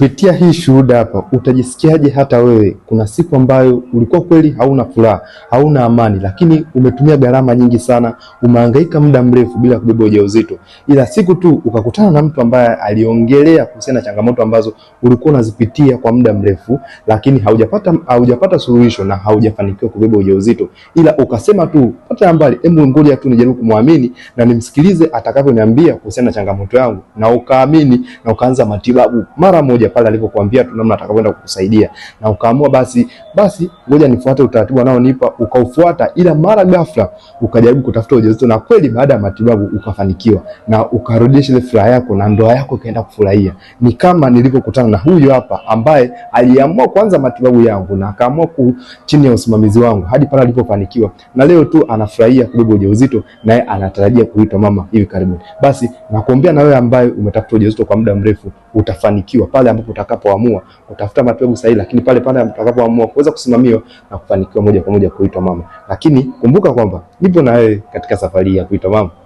kupitia hii shuhuda hapa utajisikiaje hata wewe? Kuna siku ambayo ulikuwa kweli hauna furaha, hauna amani, lakini umetumia gharama nyingi sana, umehangaika muda mrefu bila kubeba ujauzito, ila siku tu ukakutana na mtu ambaye aliongelea kuhusiana na changamoto ambazo ulikuwa unazipitia kwa muda mrefu, lakini haujapata haujapata suluhisho na haujafanikiwa kubeba ujauzito, ila ukasema tu hata mbali, hebu ngoja tu nijaribu kumwamini na nimsikilize atakavyoniambia kuhusiana na changamoto yangu, na ukaamini na ukaanza matibabu mara moja pale alivyokuambia tu namna atakavyoenda kukusaidia, na ukaamua basi, basi ngoja nifuate utaratibu anaonipa, ukaufuata, ila mara ghafla ukajaribu kutafuta ujauzito, na kweli baada ya matibabu ukafanikiwa na ukarudisha ile furaha yako na ndoa yako ikaenda kufurahia. Ni kama nilivyokutana na huyu hapa ambaye aliamua kwanza matibabu yangu na akaamua ku chini ya usimamizi wangu hadi pale alipofanikiwa, na leo tu anafurahia kubeba ujauzito, naye anatarajia kuitwa mama hivi karibuni. Basi nakuombea na wewe ambaye umetafuta ujauzito kwa muda mrefu utafanikiwa pale ndipo utakapoamua kutafuta mapegu sahihi, lakini pale pale mtakapoamua kuweza kusimamiwa na kufanikiwa moja kwa moja kuitwa mama. Lakini kumbuka kwamba nipo na wewe katika safari ya kuitwa mama.